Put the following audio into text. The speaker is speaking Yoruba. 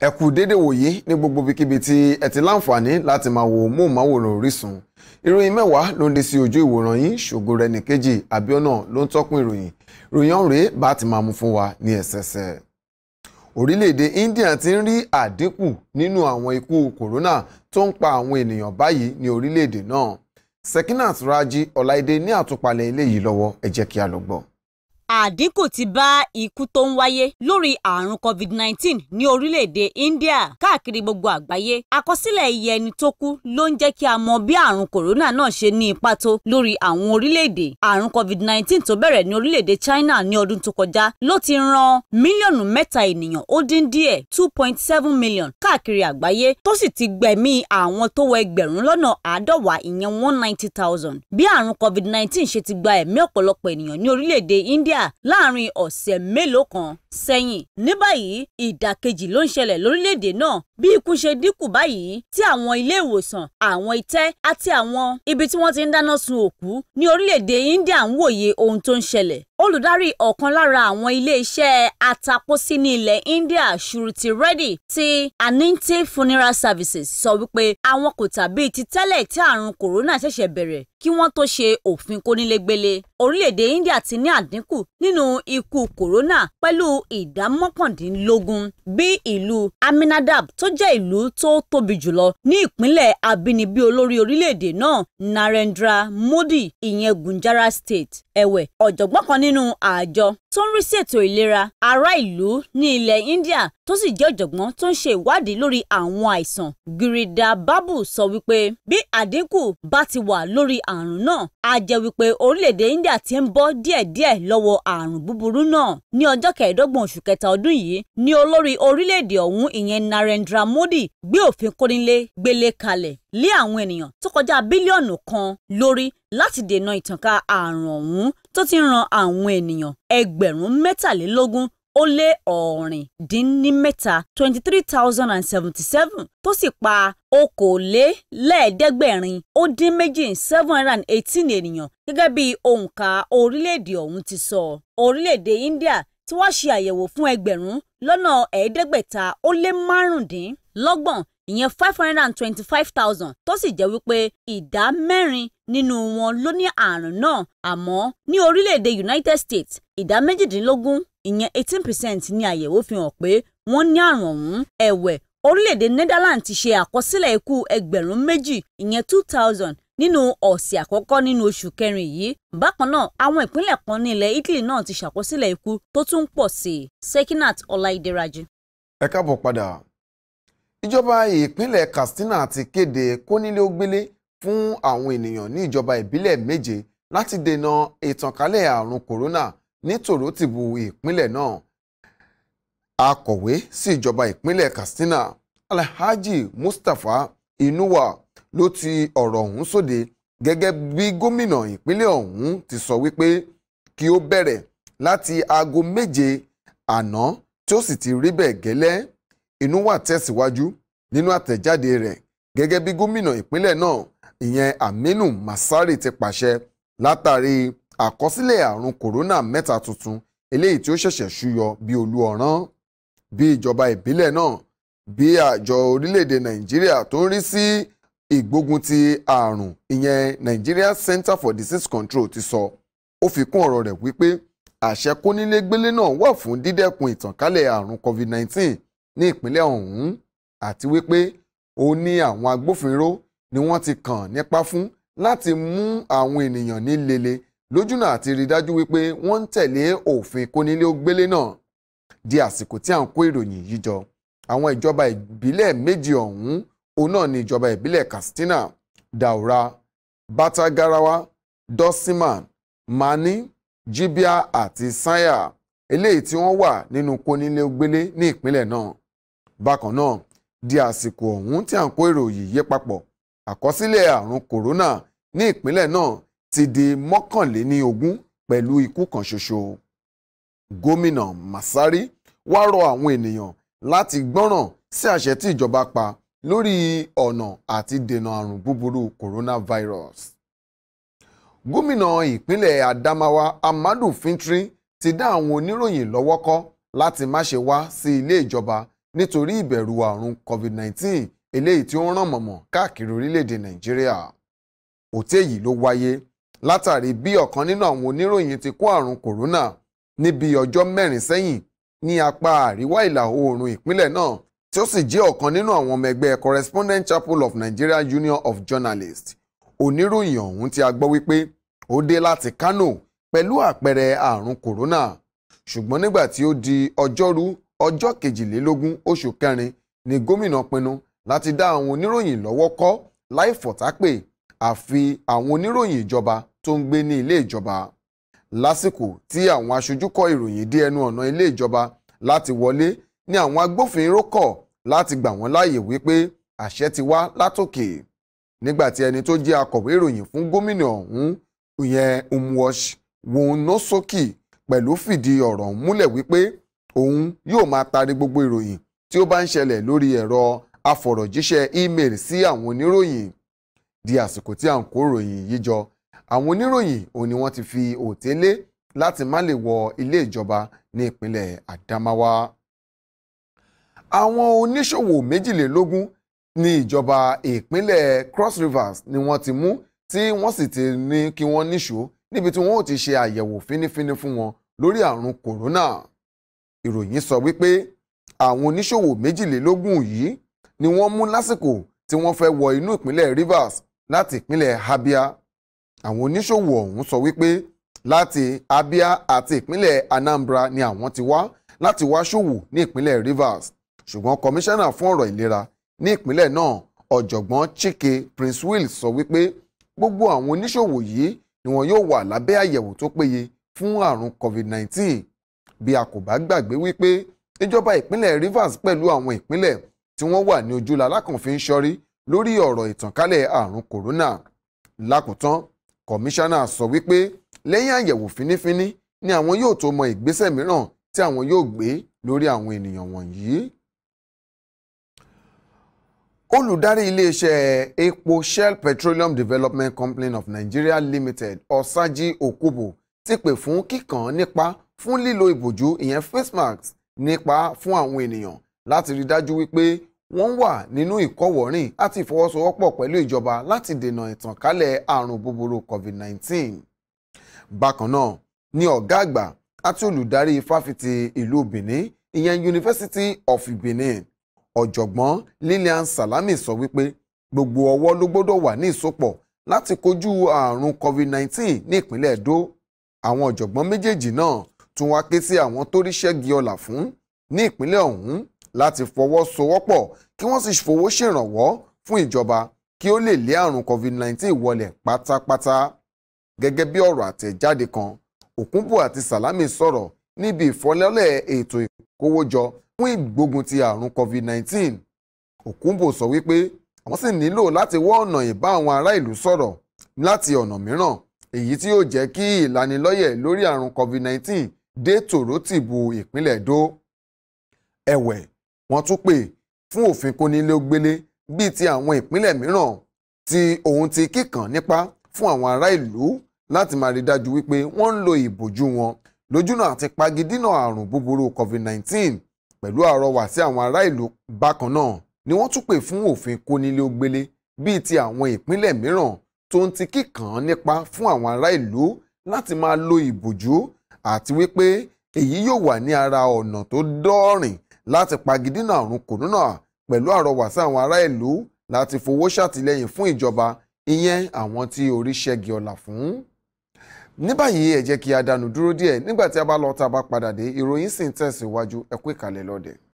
ẹ kú dédé wòyí ní gbogbo ibikíbi tí ẹ ti láǹfààní láti máa wo móhùnmáwòrán Orísun ìròyìn mẹ́wàá ló ń dé sí ojú ìwòran yín ṣògo rẹ nìkejì Àbíọ́nà ló ń tọ́kùn ìròyìn ìròyìn ọ̀hún bá ti máa mú fún wa ní ẹsẹsẹ orílẹ̀-èdè India ti ń rí àdínkù nínú àwọn ikú kòrónà tó ń pa àwọn ènìyàn báyìí ní orílẹ̀-èdè náà Sekinat Raji Ọláìdé ní àtúpalẹ̀ eléyìí lọ́wọ́ ẹ jẹ́ kí a lọ gbọ́ àdínkù ti bá ikú tó ń wáyé lórí àrùn covid-19 ní orílẹ̀-èdè India káàkiri gbogbo àgbáyé àkọsílẹ̀ iye ẹni tó kú ló ń jẹ́ kí a mọ bí àrùn corona náà ṣe ní ipa tó lórí àwọn orílẹ̀-èdè àrùn covid-19 tó bẹ̀rẹ̀ ní orílẹ̀-èdè China ní ọdún tó kọjá ló ti ran mílíọ̀nù mẹ́ta ènìyàn ó dín díẹ̀ two point seven million káàkiri àgbáyé tó sì ti gbẹ̀mí àwọn tó wọ ẹgbẹ̀rún lọ́nà àádọ́wà ìyẹn nàìjíríà láàrin ọ̀sẹ̀ mélòó kan sẹ́yìn. ní báyìí ìdàkejì ló ń ṣẹlẹ̀ lórílẹ̀‐èdè náà bí ikú ṣe dínkù báyìí tí àwọn ilé ìwòsàn àwọn itẹ́ àti àwọn ibi tí wọ́n ti ń dáná sun òkú ní orílẹ̀‐èdè India ń wòye ohun tó ń ṣẹlẹ̀ olùdarí ọ̀kan lára àwọn ilé-iṣẹ́ atapósí ní ilẹ̀ India Shruti Reddy ti Ananti Funeral Services sọ wípé àwọn kò tàbí ti tẹ́lẹ̀ tí àrùn kòrónà ṣẹ̀ṣẹ̀ bẹ̀rẹ̀ kí wọ́n tó ṣe òfin kónílégbélé orílẹ̀-èdè India ti ní àdínkù nínú ikú kòrónà pẹ̀lú ìdá mọ́kàndínlógún bí ìlú Aminadab tó jẹ́ ìlú tó tóbi jùlọ ní ìpínlẹ̀ abínibí olórí orílẹ̀-èdè náà Narendra Modi ìyẹn Gunjara State ẹ̀wẹ̀ ọ̀jọ̀gbọ́n kan nínú àjọ tó ń rí sí ètò ìlera ará ìlú ní ilẹ̀ India tó sì jẹ́ ọ̀jọ̀gbọ́n tó ń ṣe ìwádìí lórí àwọn àìsàn Girida Babu sọ wípé bí àdínkù bá ti wà lórí àrùn náà á jẹ́ wípé orílẹ̀-èdè India ti ń bọ́ díẹ̀díẹ̀ lọ́wọ́ àrùn búburú náà ní ọjọ́ kẹẹ̀ẹ́dọ́gbọ̀n oṣù kẹta ọdún yìí ni olórí orílẹ̀-èdè ọ̀hún ìyẹn Narendra Modi gbé òfin kónílé gbélé kalẹ̀ lé àwọn ènìyàn tó kọjá bílíọ̀nù kan lórí láti dènà ìtànká àrùn ọ̀hún tó ti ń ran àwọn ènìyàn ẹgbẹ̀rún mẹ́tàlélógún ó lé ọ̀rìn dín ní mẹ́ta twenty three thousand and seventy seven tó sì pa okòólélẹ́ẹ̀ẹ́dẹ́gbẹ̀rin ó dín méjì seven hundred and eighteen ènìyàn gẹ́gẹ́ bí òǹkà orílẹ̀-èdè ọ̀hún ti sọ. orílẹ̀-èdè India tí wọ́n ṣe àyẹ̀wò fún ẹgbẹ̀rún lọ́nà ẹ̀ẹ́dẹ́gbẹ̀ta ó lé márùndínlọ́gbọ̀n ìyẹn five hundred and twenty-five thousand tó sì jẹ́ wípé ìdá mẹ́rin nínú wọn ló ní àrùn náà àmọ́ ní orílẹ̀-èdè United States ìdá méjìdínlógún ìyẹn eighteen percent ni àyẹ̀wò fi hàn pé wọ́n ní àrùn ọ̀hún ẹ̀wẹ̀ orílẹ̀-èdè Netherlands ti ṣe àkọsílẹ̀ ikú ẹgbẹ̀rún méjì ìyẹn two thousand nínú ọ̀sẹ̀ àkọ́kọ́ nínú oṣù kẹrin yìí bákan náà àwọn ìpínlẹ̀ kan ní ilẹ̀ Italy náà ti ṣàkọsílẹ̀ ikú tó tún pọ̀ sí i Sekinat Ọláìdẹ́rajì. ẹ káàbọ̀ padà ìjọba ìpínlẹ̀ Katsina ti kéde kónílé-ó-gbélé fún àwọn ènìyàn ní ìjọba ìbílẹ̀ méje láti dènà ìtànkálẹ̀ àrùn kòrónà ní tòrótìbù ìpínlẹ̀ náà akọ̀wé sí ìjọba ìpínlẹ̀ Katsina Alhaji Mustapha Inuwa ló ti ọ̀rọ̀ ọ̀hún sóde gẹ́gẹ́ bí gómìnà ìpínlẹ̀ ọ̀hún ti sọ wípé kí ó bẹ̀rẹ̀ láti aago méje àná tí ó sì ti rí bẹ́ẹ̀ gẹ́lẹ́ Inuwa tẹ̀síwájú nínú àtẹ̀jáde rẹ̀ gẹ́gẹ́ bí gómìnà ìpínlẹ̀ náà ìyẹn Aminu Masari ti pàṣẹ látàrí àkọsílẹ̀ àrùn kòrónà mẹ́ta tuntun eléyìí tí ó ṣẹ̀ṣẹ̀ ṣúyọ bí olú ọ̀rán bí ìjọba ìbílẹ̀ náà bí àjọ orílẹ̀-èdè nàìjíríà tó ń rí sí ìgbógun ti àrùn ìyẹn Nigeria Center for Disease Control ti sọ ó fi kún ọ̀rọ̀ rẹ̀ wípé àṣẹ kónílégbélé náà wà fún dídẹ́kun ìtànkálẹ̀ àrùn COVID-19 ní ìpínlẹ̀ ọ̀hún àti wípé ó ní àwọn agbófinró ni wọ́n ti kàn nípa fún láti mú àwọn ènìyàn ní lele lójúnà àti rí dájú wípé wọ́n ń tẹ̀lé òfin kónílé-ó-gbélé náà di àsìkò tí à ń kó ìròyìn yìí jọ àwọn ìjọba ìbílẹ̀ méjì ọ̀hún òun náà ni ìjọba ìbílẹ̀ Katsina Daura Batagarawa Dosiman Mani Jibia àti Sanya eléyìí tí wọ́n wà nínú kónílé-ó-gbélé ní ìpínlẹ̀ náà bákan náà di àsìkò ọ̀hún tí à ń kó ìròyìn yìí papọ̀ àkọsílẹ̀ àrùn kòrónà ní ìpínlẹ̀ náà ti di mọ́kànléní ogún pẹ̀lú ikú kan ṣoṣo. Gómìnà Masari wá rọ àwọn ènìyàn láti gbọ́ràn sí àṣẹ tí ìjọba pa lórí ọ̀nà àti dènà àrùn búburú coronavirus. Gómìnà ìpínlẹ̀ Adamawa Amadu Fintri ti dá àwọn oníròyìn lọ́wọ́ kọ́ láti má ṣe wá sí ilé ìjọba nítorí ìbẹ̀rù àrùn COVID-19 eléyìí tí ó ń ràn mọ̀mọ̀ káàkiri orílẹ̀-èdè Nàìjíríà. Òtẹ́ yìí ló wáyé látàrí bí ọ̀kan nínú àwọn oníròyìn ti kó àrùn kòrónà níbi ọjọ́ mẹ́rin sẹ́yìn ní apá àríwá ìlà oòrùn ìpínlẹ̀ náà tí ó sì jẹ́ ọ̀kan nínú àwọn ọmọ ẹgbẹ́ correspondent chapel of Nigeria Union of Journalists oníròyìn ọ̀hún tí a gbọ́ wípé ó dé láti Kano pẹ̀lú àpẹẹrẹ àrùn kòrónà ṣùgbọ́n nígbà tí ó di ọjọ́rú ọjọ́ kejìlélógún oṣù kẹrin ni gómìnà pinnu láti dá àwọn oníròyìn lọ́wọ́ kọ́ láì fọ̀tápè àfi àwọn oníròyìn ìjọba tó ń gbé ní ilé ìjọba lásìkò tí àwọn aṣojú kọ ìròyìn dé ẹnu ọ̀nà ilé ìjọba láti wọlé ni àwọn agbófinró kọ̀ láti gbà wọ́n láàyè wípé àṣẹ ti wá látòkè nígbà tí ẹni tó jẹ́ akọ̀wé ìròyìn fún gómìnà ọ̀hún ìyẹn umwosh wonosoki pẹ̀lú fìdí ọ̀rọ̀ múlẹ̀ wípé òun yóò máa tari gbogbo ìròyìn tí ó bá ń ṣẹlẹ̀ lórí ẹ̀rọ afọ̀rọ̀jíṣẹ́ email sí àwọn oníròyìn di àsìkò tí à ń kó ròyìn yìí jọ àwọn oníròyìn òun ni wọ́n ti fi òtélé láti má lè wọ ilé ìjọba ní ìpínlẹ̀ Adamawa àwọn oníṣòwò méjìlélógún ní ìjọba ìpínlẹ̀ Cross Rivers ni wọ́n ti mú tí wọ́n sì ti ní kí wọ́n níṣó níbi tí wọ́n ò ti ṣe àyẹ̀wò fínífíní fún wọn lórí àrùn kòrónà ìròyìn sọ wípé àwọn oníṣòwò méjìlélógún yìí ni wọ́n mú lásìkò tí wọ́n fẹ́ wọ inú ìpínlẹ̀ Rivers láti ìpínlẹ̀ Abia àwọn oníṣòwò ọ̀hún sọ wípé láti Abia àti ìpínlẹ̀ Anambra ni àwọn ti wá láti wá ṣòwò ní ìpínlẹ̀ Rivers ṣùgbọ́n kọmíṣánná fún ọ̀rọ̀ ìlera ní ìpínlẹ̀ náà ọ̀jọ̀gbọ́n Chike Prince Will sọ wípé gbogbo àwọn oníṣòwò yìí ni wọn yóò wà lábẹ́ àyẹ̀wò tó péye fún àrùn COVID-19 bí a kò bá gbàgbé wípé ìjọba ìpínlẹ̀ Rivers pẹ̀lú àwọn ìpínlẹ̀ tí wọ́n wà ní ojúlá alákànfin ṣọ́rí lórí ọ̀rọ̀ ìtànkálẹ̀ àrùn kòrónà lákòótán kọmíṣánná sọ wípé lẹ́yìn àyẹ̀wò fínífíní ni àwọn yóò tó mọ ìgbésẹ̀ mìíràn tí àwọn yóò gbé lórí àwọn ènìyàn wọ̀nyí. olùdarí iléeṣẹ́ epo Shell Petroleum Development Company of Nigeria Limited Ọ̀sájí Òkúbò ti pè fún kíkàn nípa fún lílo ìbòjú ìyẹn face mask nípa fún àwọn ènìyàn láti rí dájú wípé wọ́n wà nínú ìkọ́wọ̀rìn àti ìfọwọ́sowọ́pọ̀ pẹ̀lú ìjọba láti dènà ìtànkálẹ̀ àrùn búburú COVID-19. bákan náà ni ọ̀gá àgbà àti olùdarí fáfitì ìlú Benin ìyẹn University of Benin ọ̀jọ̀gbọ́n Lilian Salami sọ wípé gbogbo ọwọ́ ló gbọ́dọ̀ wà ní ìsopọ̀ láti kojú àrùn COVID-19 ní ìpínlẹ̀ Edo àwọn ọ̀jọ̀gbọ́n méjèèjì náà tún wá ké sí àwọn tó ríṣẹ́ gi ọlà fún ní ìpínlẹ̀ ọ̀hún láti fọwọ́sowọ́pọ̀ kí wọ́n sì fowó ṣèrànwọ́ fún ìjọba kí ó lè lé àrùn COVID-19 wọlẹ̀ pátápátá gẹ́gẹ́ bí ọ̀rọ̀ àtẹ̀jáde kan Òkúnbù àti Sàlámì sọ̀rọ̀ níbi ìfọlẹ́lẹ̀ ètò ìkówójọ fún ìgbógun ti àrùn COVID-19 Òkúnbù sọ wípé àwọn sì nílò láti wá ọ̀nà ìbá àwọn ará ìlú sọ̀rọ̀ láti ọ̀nà mìíràn èyí tí yóò jẹ́ kí ìlanilọ́yẹ̀ lórí àrùn COVID-19 dé tòrótìbù ìpínlẹ̀ Èdó ẹ̀wẹ̀ wọ́n tún pè fún òfin kónílégbélé bíi ti àwọn ìpínlẹ̀ mìíràn tí òun ti kíkàn nípa fún àwọn ará ìlú láti máa rí dájú wípé wọ́n ń lo ìbòjú wọn lójúnà àti pagidínà àrùn búburú covid-19 pẹ̀lú àrọwà sí àwọn ará ìlú bákan náà ni wọ́n tún pè fún òfin kónílégbélé bíi ti àwọn ìpínlẹ̀ mìíràn tó ń ti kíkàn nípa fún àwọn ará ìlú láti máa lo ìbòjú àti wípé èyí yóò wà ní ara ọ̀nà tó dọ́ọ̀rìn láti pagidínà àrùn kòrónà pẹ̀lú àrọwà sí àwọn ará ìlú láti fowó ṣàtìlẹ́yìn fún ìjọba ìyẹn àwọn tí orí ṣẹ́gi ọ̀la fún. ní báyìí ẹ jẹ́ kí a dánu dúró díẹ̀ nígbà tí a bá lọ tá a bá padà dé ìròyìn sì ń tẹ̀síwájú ẹ kú ìkàlẹ̀ lọ́dẹ̀ẹ́.